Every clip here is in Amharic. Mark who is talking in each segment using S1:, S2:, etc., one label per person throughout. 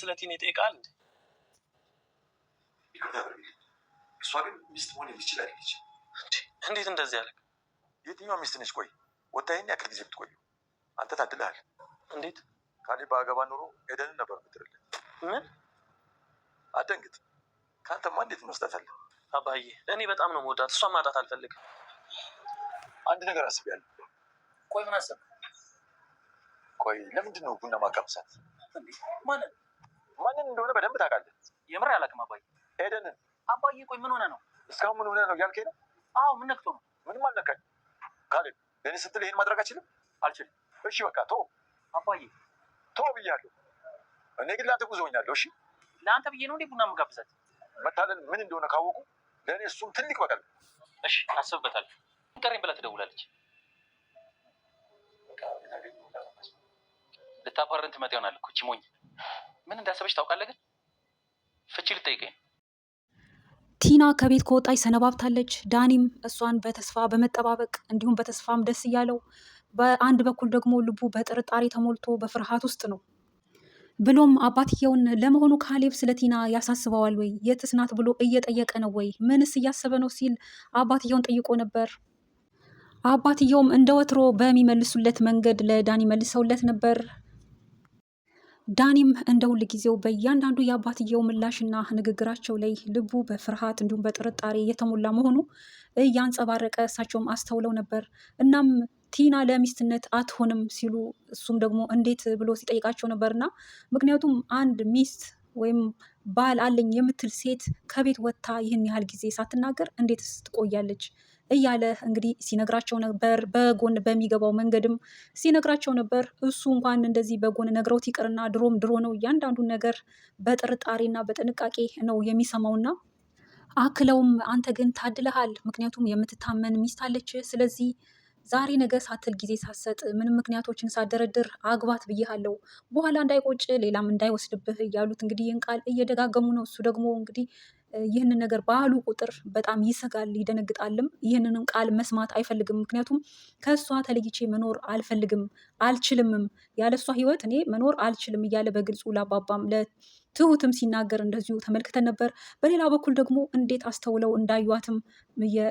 S1: ስለ ቲን ይጠይቃል እንዴ?
S2: እሷ ግን ሚስት መሆን የሚችል አይደለች። እንዴት እንደዚህ ያለ የትኛው ሚስት ነች? ቆይ ወታ ይህን ያክል ጊዜ ብትቆዩ አንተ ታድልሃል። እንዴት ካሌ በአገባ ኑሮ ኤደንን ነበር ምትርልን። ምን አደንግጥ። ከአንተማ እንዴት እንወስዳታለን?
S1: አባዬ እኔ በጣም ነው መወዳት፣ እሷ ማጣት አልፈልግም።
S2: አንድ ነገር አስቤያለሁ። ቆይ ምን አሰብ? ቆይ ለምንድን ነው ቡና ማቃምሳት? ማለት ማንን እንደሆነ በደንብ ታውቃለህ።
S1: የምር አላውቅም አባዬ። ኤደንን። አባዬ ቆይ ምን ሆነ ነው?
S2: እስካሁን ምን ሆነ ነው እያልከኝ ነው?
S1: አዎ ምን ነክቶ ነው?
S2: ምንም አልነካኝ። ካሌብ ለእኔ ስትል ይህን ማድረግ አችልም? አልችልም። እሺ በቃ ቶ አባዬ ቶ ብያለሁ። እኔ ግን ለአንተ ጉዞ ሆኛለሁ። እሺ
S1: ለአንተ ብዬ ነው እንዴ ቡና መጋብዛት?
S2: መታለን ምን እንደሆነ ካወቁ ለእኔ እሱም ትልቅ በቀል።
S1: እሺ አስብበታል። ቀሬን ብላ ትደውላለች። ልታባረን ትመጣ ይሆናል እኮ ሞኝ ምን እንዳሰበች ታውቃለህ? ግን ፍቺ ልጠይቀኝ
S3: ቲና ከቤት ከወጣች ሰነባብታለች። ዳኒም እሷን በተስፋ በመጠባበቅ እንዲሁም በተስፋም ደስ እያለው፣ በአንድ በኩል ደግሞ ልቡ በጥርጣሬ ተሞልቶ በፍርሃት ውስጥ ነው። ብሎም አባትየውን ለመሆኑ ካሌብ ስለ ቲና ያሳስበዋል ወይ? የትስ ናት ብሎ እየጠየቀ ነው ወይ? ምንስ እያሰበ ነው ሲል አባትየውን ጠይቆ ነበር። አባትየውም እንደ ወትሮ በሚመልሱለት መንገድ ለዳኒ መልሰውለት ነበር። ዳኒም እንደ ሁል ጊዜው በእያንዳንዱ የአባትየው ምላሽና ንግግራቸው ላይ ልቡ በፍርሃት እንዲሁም በጥርጣሬ የተሞላ መሆኑ እያንጸባረቀ እሳቸውም አስተውለው ነበር። እናም ቲና ለሚስትነት አትሆንም ሲሉ እሱም ደግሞ እንዴት ብሎ ሲጠይቃቸው ነበርና ምክንያቱም አንድ ሚስት ወይም ባል አለኝ የምትል ሴት ከቤት ወጥታ ይህን ያህል ጊዜ ሳትናገር እንዴትስ ትቆያለች? እያለ እንግዲህ ሲነግራቸው ነበር። በጎን በሚገባው መንገድም ሲነግራቸው ነበር። እሱ እንኳን እንደዚህ በጎን ነግረውት ይቅርና ድሮም ድሮ ነው። እያንዳንዱ ነገር በጥርጣሬና በጥንቃቄ ነው የሚሰማውና አክለውም አንተ ግን ታድለሃል፣ ምክንያቱም የምትታመን ሚስት አለች። ስለዚህ ዛሬ ነገ ሳትል ጊዜ ሳትሰጥ ምንም ምክንያቶችን ሳደረድር አግባት ብዬሃለሁ፣ በኋላ እንዳይቆጭ ሌላም እንዳይወስድብህ እያሉት እንግዲህ ይህን ቃል እየደጋገሙ ነው። እሱ ደግሞ እንግዲህ ይህንን ነገር ባሉ ቁጥር በጣም ይሰጋል፣ ይደነግጣልም። ይህንንም ቃል መስማት አይፈልግም። ምክንያቱም ከእሷ ተለይቼ መኖር አልፈልግም፣ አልችልምም፣ ያለ እሷ ህይወት እኔ መኖር አልችልም እያለ በግልጹ ላባባም ለትሁትም ሲናገር እንደዚሁ ተመልክተን ነበር። በሌላ በኩል ደግሞ እንዴት አስተውለው እንዳዩዋትም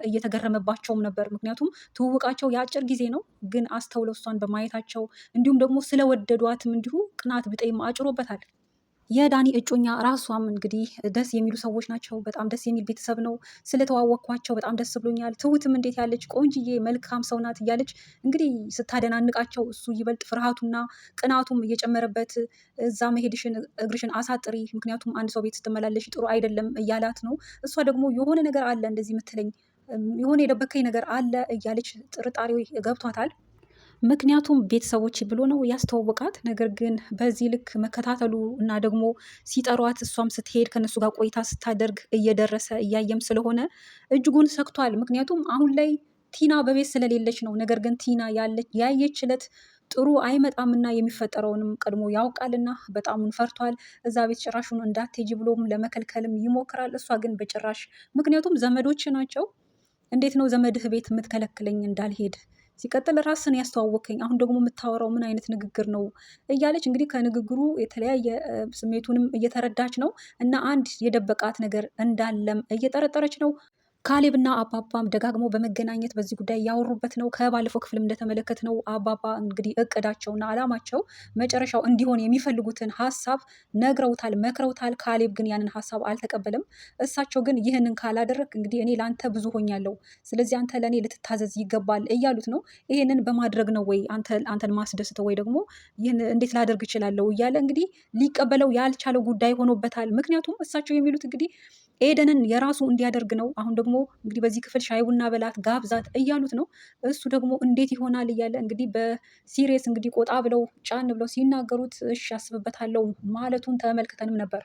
S3: እየተገረመባቸውም ነበር። ምክንያቱም ትውውቃቸው የአጭር ጊዜ ነው፣ ግን አስተውለው እሷን በማየታቸው እንዲሁም ደግሞ ስለወደዷትም እንዲሁ ቅናት ብጤም አጭሮበታል። የዳኒ እጮኛ ራሷም እንግዲህ ደስ የሚሉ ሰዎች ናቸው። በጣም ደስ የሚል ቤተሰብ ነው። ስለተዋወቅኳቸው በጣም ደስ ብሎኛል። ትሁትም እንዴት ያለች ቆንጅዬ መልካም ሰው ናት እያለች እንግዲህ ስታደናንቃቸው እሱ ይበልጥ ፍርሃቱና ቅናቱም እየጨመረበት እዛ መሄድሽን እግርሽን አሳጥሪ፣ ምክንያቱም አንድ ሰው ቤት ስትመላለሽ ጥሩ አይደለም እያላት ነው። እሷ ደግሞ የሆነ ነገር አለ እንደዚህ የምትለኝ የሆነ የደበከኝ ነገር አለ እያለች ጥርጣሬ ገብቷታል። ምክንያቱም ቤተሰቦች ብሎ ነው ያስተዋወቃት። ነገር ግን በዚህ ልክ መከታተሉ እና ደግሞ ሲጠሯት እሷም ስትሄድ ከነሱ ጋር ቆይታ ስታደርግ እየደረሰ እያየም ስለሆነ እጅጉን ሰግቷል። ምክንያቱም አሁን ላይ ቲና በቤት ስለሌለች ነው። ነገር ግን ቲና ያየችለት ጥሩ ጥሩ አይመጣምና የሚፈጠረውንም ቀድሞ ያውቃልና በጣሙን ፈርቷል። እዛ ቤት ጭራሹን እንዳትሄጂ ብሎም ለመከልከልም ይሞክራል። እሷ ግን በጭራሽ ምክንያቱም ዘመዶች ናቸው። እንዴት ነው ዘመድህ ቤት የምትከለክለኝ እንዳልሄድ ሲቀጥል ራስን ያስተዋወከኝ አሁን ደግሞ የምታወራው ምን አይነት ንግግር ነው እያለች እንግዲህ ከንግግሩ የተለያየ ስሜቱንም እየተረዳች ነው እና አንድ የደበቃት ነገር እንዳለም እየጠረጠረች ነው። ካሌብና አባባም ደጋግሞ በመገናኘት በዚህ ጉዳይ ያወሩበት ነው። ከባለፈው ክፍልም እንደተመለከት ነው አባባ እንግዲህ እቅዳቸውና አላማቸው መጨረሻው እንዲሆን የሚፈልጉትን ሀሳብ ነግረውታል፣ መክረውታል። ካሌብ ግን ያንን ሀሳብ አልተቀበለም። እሳቸው ግን ይህንን ካላደረግ እንግዲህ እኔ ለአንተ ብዙ ሆኛለሁ፣ ስለዚህ አንተ ለእኔ ልትታዘዝ ይገባል እያሉት ነው። ይህንን በማድረግ ነው ወይ አንተን ማስደስተው ወይ ደግሞ ይህን እንዴት ላደርግ እችላለሁ እያለ እንግዲህ ሊቀበለው ያልቻለው ጉዳይ ሆኖበታል። ምክንያቱም እሳቸው የሚሉት እንግዲህ ኤደንን የራሱ እንዲያደርግ ነው። አሁን ደግሞ እንግዲህ በዚህ ክፍል ሻይ ቡና በላት ጋብዛት እያሉት ነው። እሱ ደግሞ እንዴት ይሆናል እያለ እንግዲህ በሲሪየስ እንግዲህ ቆጣ ብለው ጫን ብለው ሲናገሩት እሺ ያስብበታለው ማለቱን ተመልክተንም ነበር።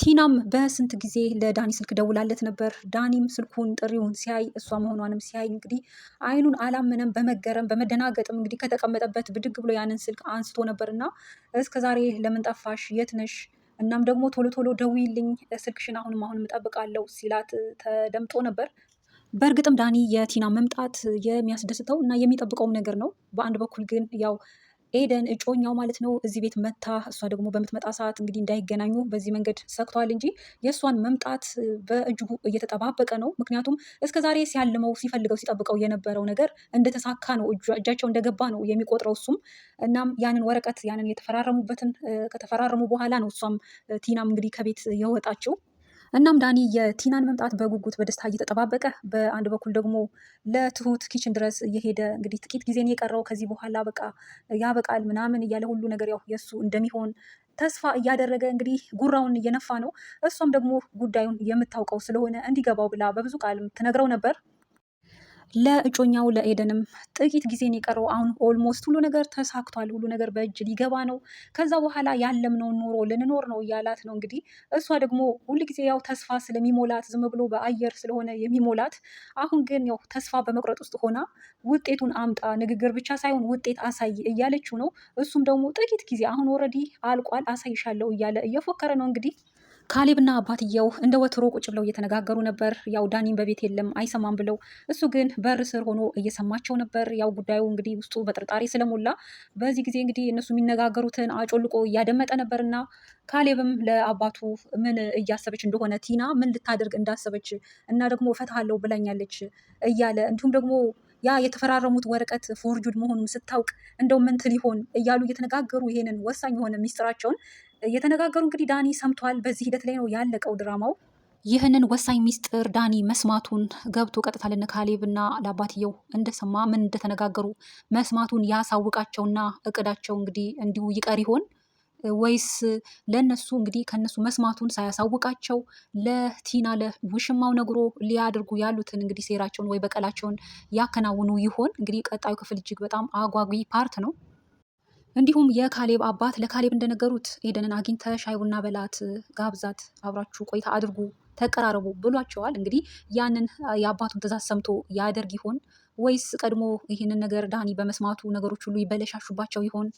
S3: ቲናም በስንት ጊዜ ለዳኒ ስልክ ደውላለት ነበር። ዳኒም ስልኩን ጥሪውን ሲያይ እሷ መሆኗንም ሲያይ እንግዲህ አይኑን አላመነም። በመገረም በመደናገጥም እንግዲህ ከተቀመጠበት ብድግ ብሎ ያንን ስልክ አንስቶ ነበር እና እስከ ዛሬ ለምን ጠፋሽ? የት ነሽ? እናም ደግሞ ቶሎ ቶሎ ደውዪልኝ ስልክሽን አሁንም አሁንም እጠብቃለሁ ሲላት ተደምጦ ነበር። በእርግጥም ዳኒ የቲና መምጣት የሚያስደስተው እና የሚጠብቀውም ነገር ነው። በአንድ በኩል ግን ያው ኤደን እጮኛው ማለት ነው እዚህ ቤት መታ እሷ ደግሞ በምትመጣ ሰዓት እንግዲህ እንዳይገናኙ በዚህ መንገድ ሰግቷል እንጂ የእሷን መምጣት በእጅጉ እየተጠባበቀ ነው። ምክንያቱም እስከ ዛሬ ሲያልመው ሲፈልገው ሲጠብቀው የነበረው ነገር እንደተሳካ ነው፣ እጃቸው እንደገባ ነው የሚቆጥረው እሱም። እናም ያንን ወረቀት ያንን የተፈራረሙበትን ከተፈራረሙ በኋላ ነው እሷም ቲናም እንግዲህ ከቤት የወጣችው። እናም ዳኒ የቲናን መምጣት በጉጉት በደስታ እየተጠባበቀ በአንድ በኩል ደግሞ ለትሁት ኪችን ድረስ እየሄደ እንግዲህ ጥቂት ጊዜን የቀረው ከዚህ በኋላ በቃ ያበቃል ምናምን እያለ ሁሉ ነገር ያው የእሱ እንደሚሆን ተስፋ እያደረገ እንግዲህ ጉራውን እየነፋ ነው። እሷም ደግሞ ጉዳዩን የምታውቀው ስለሆነ እንዲገባው ብላ በብዙ ቃልም ትነግረው ነበር። ለእጮኛው ለኤደንም ጥቂት ጊዜን ነው የቀረው። አሁን ኦልሞስት ሁሉ ነገር ተሳክቷል፣ ሁሉ ነገር በእጅ ሊገባ ነው። ከዛ በኋላ ያለምነውን ኑሮ ልንኖር ነው እያላት ነው እንግዲህ። እሷ ደግሞ ጊዜ ያው ተስፋ ስለሚሞላት ዝም ብሎ በአየር ስለሆነ የሚሞላት፣ አሁን ግን ያው ተስፋ በመቁረጥ ውስጥ ሆና ውጤቱን አምጣ፣ ንግግር ብቻ ሳይሆን ውጤት አሳይ እያለችው ነው። እሱም ደግሞ ጥቂት ጊዜ አሁን ኦልሬዲ አልቋል፣ አሳይሻለሁ እያለ እየፎከረ ነው እንግዲህ ካሌብና አባትየው እንደ ወትሮ ቁጭ ብለው እየተነጋገሩ ነበር። ያው ዳኒም በቤት የለም አይሰማም ብለው፣ እሱ ግን በር ስር ሆኖ እየሰማቸው ነበር። ያው ጉዳዩ እንግዲህ ውስጡ በጥርጣሬ ስለሞላ በዚህ ጊዜ እንግዲህ እነሱ የሚነጋገሩትን አጮልቆ እያደመጠ ነበርና ካሌብም ለአባቱ ምን እያሰበች እንደሆነ ቲና ምን ልታደርግ እንዳሰበች እና ደግሞ እፈታለሁ ብላኛለች እያለ እንዲሁም ደግሞ ያ የተፈራረሙት ወረቀት ፎርጁድ መሆኑን ስታውቅ እንደው ምንት ሊሆን እያሉ እየተነጋገሩ ይሄንን ወሳኝ የሆነ ሚስጥራቸውን እየተነጋገሩ እንግዲህ ዳኒ ሰምቷል። በዚህ ሂደት ላይ ነው ያለቀው ድራማው። ይህንን ወሳኝ ሚስጥር ዳኒ መስማቱን ገብቶ ቀጥታ ለነ ካሌብና ለአባትየው እንደሰማ ምን እንደተነጋገሩ መስማቱን ያሳውቃቸውና እቅዳቸው እንግዲህ እንዲሁ ይቀር ይሆን ወይስ ለነሱ እንግዲህ ከነሱ መስማቱን ሳያሳውቃቸው ለቲና ለውሽማው ነግሮ ሊያደርጉ ያሉትን እንግዲህ ሴራቸውን ወይ በቀላቸውን ያከናውኑ ይሆን? እንግዲህ ቀጣዩ ክፍል እጅግ በጣም አጓጊ ፓርት ነው። እንዲሁም የካሌብ አባት ለካሌብ እንደነገሩት ኤደንን አግኝተ ሻይ ቡና በላት፣ ጋብዛት፣ አብራችሁ ቆይታ አድርጉ፣ ተቀራረቡ ብሏቸዋል። እንግዲህ ያንን የአባቱን ትዕዛዝ ሰምቶ ያደርግ ይሆን ወይስ ቀድሞ ይህንን ነገር ዳኒ በመስማቱ ነገሮች ሁሉ ይበለሻሹባቸው ይሆን?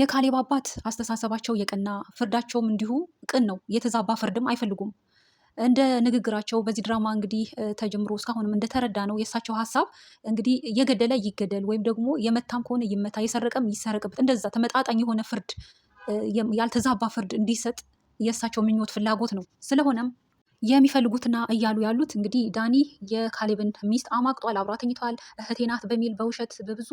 S3: የካሌብ አባት አስተሳሰባቸው የቀና ፍርዳቸውም እንዲሁ ቅን ነው። የተዛባ ፍርድም አይፈልጉም። እንደ ንግግራቸው በዚህ ድራማ እንግዲህ ተጀምሮ እስካሁንም እንደተረዳ ነው የእሳቸው ሀሳብ እንግዲህ የገደለ ይገደል ወይም ደግሞ የመታም ከሆነ ይመታ፣ የሰረቀም ይሰረቅበት፣ እንደዛ ተመጣጣኝ የሆነ ፍርድ፣ ያልተዛባ ፍርድ እንዲሰጥ የእሳቸው ምኞት ፍላጎት ነው። ስለሆነም የሚፈልጉትና እያሉ ያሉት እንግዲህ ዳኒ የካሌብን ሚስት አማቅጧል፣ አብሯ ተኝተዋል፣ እህቴ ናት በሚል በውሸት በብዙ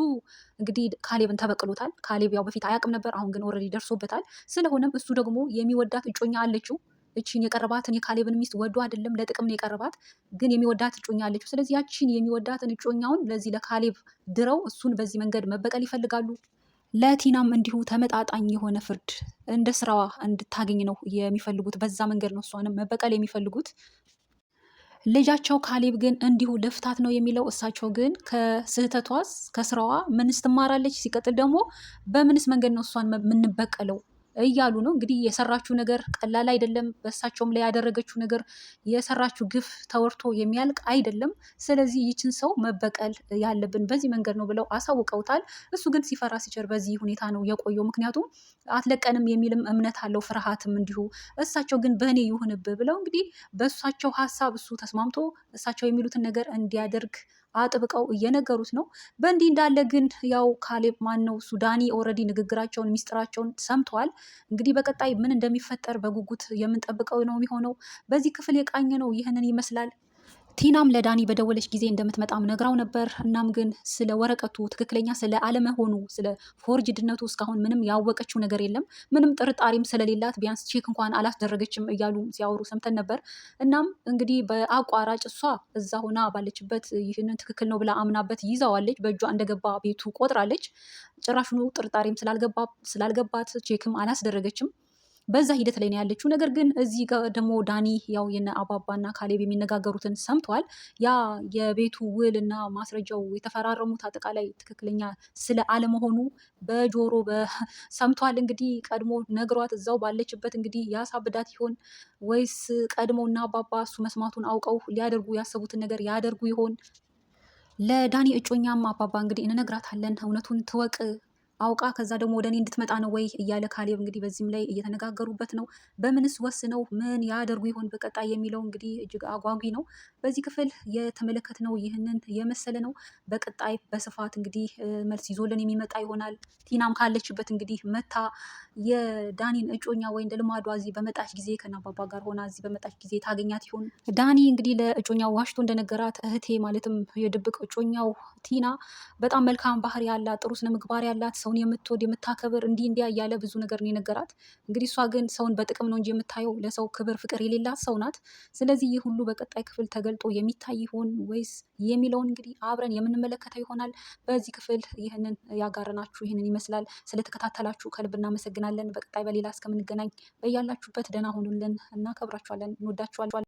S3: እንግዲህ ካሌብን ተበቅሎታል። ካሌብ ያው በፊት አያውቅም ነበር፣ አሁን ግን ኦልሬዲ ደርሶበታል። ስለሆነም እሱ ደግሞ የሚወዳት እጮኛ አለችው እቺን የቀረባትን የካሌብን ሚስት ወዶ አይደለም ለጥቅም ነው የቀረባት፣ ግን የሚወዳት እጮኛ አለችው። ስለዚህ ያቺን የሚወዳትን እጮኛውን ለዚህ ለካሌብ ድረው እሱን በዚህ መንገድ መበቀል ይፈልጋሉ። ለቲናም እንዲሁ ተመጣጣኝ የሆነ ፍርድ እንደ ስራዋ እንድታገኝ ነው የሚፈልጉት። በዛ መንገድ ነው እሷንም መበቀል የሚፈልጉት። ልጃቸው ካሌብ ግን እንዲሁ ልፍታት ነው የሚለው። እሳቸው ግን ከስህተቷስ ከስራዋ ምንስ ትማራለች? ሲቀጥል ደግሞ በምንስ መንገድ ነው እሷን የምንበቀለው? እያሉ ነው። እንግዲህ የሰራችው ነገር ቀላል አይደለም። በእሳቸውም ላይ ያደረገችው ነገር የሰራችው ግፍ ተወርቶ የሚያልቅ አይደለም። ስለዚህ ይችን ሰው መበቀል ያለብን በዚህ መንገድ ነው ብለው አሳውቀውታል። እሱ ግን ሲፈራ ሲቸር በዚህ ሁኔታ ነው የቆየው። ምክንያቱም አትለቀንም የሚልም እምነት አለው፣ ፍርሃትም እንዲሁ። እሳቸው ግን በእኔ ይሁንብ ብለው እንግዲህ በእሳቸው ሀሳብ እሱ ተስማምቶ እሳቸው የሚሉትን ነገር እንዲያደርግ አጥብቀው እየነገሩት ነው። በእንዲህ እንዳለ ግን ያው ካሌብ ማን ነው እሱ ዳኒ ኦልሬዲ ንግግራቸውን ሚስጥራቸውን ሰምተዋል። እንግዲህ በቀጣይ ምን እንደሚፈጠር በጉጉት የምንጠብቀው ነው የሚሆነው። በዚህ ክፍል የቃኘ ነው ይህንን ይመስላል። ቲናም ለዳኒ በደወለች ጊዜ እንደምትመጣም ነግራው ነበር። እናም ግን ስለ ወረቀቱ ትክክለኛ ስለ አለመሆኑ ስለ ፎርጅድነቱ እስካሁን ምንም ያወቀችው ነገር የለም። ምንም ጥርጣሬም ስለሌላት ቢያንስ ቼክ እንኳን አላስደረገችም እያሉ ሲያወሩ ሰምተን ነበር። እናም እንግዲህ በአቋራጭ እሷ እዛ ሆና ባለችበት ይህንን ትክክል ነው ብላ አምናበት ይዛዋለች። በእጇ እንደገባ ቤቱ ቆጥራለች። ጭራሽኑ ጥርጣሬም ስላልገባት ቼክም አላስደረገችም። በዛ ሂደት ላይ ነው ያለችው። ነገር ግን እዚህ ደግሞ ዳኒ ያው የነ አባባና ካሌብ የሚነጋገሩትን ሰምቷል። ያ የቤቱ ውል እና ማስረጃው የተፈራረሙት አጠቃላይ ትክክለኛ ስለ አለመሆኑ በጆሮ ሰምቷል። እንግዲህ ቀድሞ ነግሯት እዛው ባለችበት እንግዲህ ያሳብዳት ይሆን ወይስ እና አባባ እሱ መስማቱን አውቀው ሊያደርጉ ያሰቡትን ነገር ያደርጉ ይሆን? ለዳኒ እጮኛም አባባ እንግዲህ እንነግራታለን እውነቱን ትወቅ አውቃ ከዛ ደግሞ ወደ እኔ እንድትመጣ ነው ወይ እያለ ካሌብ እንግዲህ በዚህም ላይ እየተነጋገሩበት ነው። በምንስ ወስነው ምን ያደርጉ ይሆን በቀጣይ የሚለው እንግዲህ እጅግ አጓጊ ነው። በዚህ ክፍል የተመለከትነው ይህንን የመሰለ ነው። በቀጣይ በስፋት እንግዲህ መልስ ይዞልን የሚመጣ ይሆናል። ቲናም ካለችበት እንግዲህ መታ የዳኒን እጮኛ ወይም ልማዷ እዚህ በመጣች ጊዜ ከናባባ ጋር ሆና እዚህ በመጣች ጊዜ ታገኛት ይሆን? ዳኒ እንግዲህ ለእጮኛ ዋሽቶ እንደነገራት እህቴ ማለትም የድብቅ እጮኛው ቲና በጣም መልካም ባህሪ ያላት፣ ጥሩ ስነ ምግባር ያላት፣ ሰውን የምትወድ የምታከብር፣ እንዲህ እንዲያ እያለ ብዙ ነገር ነው የነገራት። እንግዲህ እሷ ግን ሰውን በጥቅም ነው እንጂ የምታየው ለሰው ክብር ፍቅር የሌላት ሰው ናት። ስለዚህ ይህ ሁሉ በቀጣይ ክፍል ተገልጦ የሚታይ ይሆን ወይስ የሚለውን እንግዲህ አብረን የምንመለከተው ይሆናል። በዚህ ክፍል ይህንን ያጋረናችሁ ይህንን ይመስላል። ስለተከታተላችሁ ከልብ እናመሰግናለን። እናመሰግናለን። በቀጣይ በሌላ እስከምንገናኝ በያላችሁበት ደህና ሁኑልን። እናከብራችኋለን፣ እንወዳችኋለን።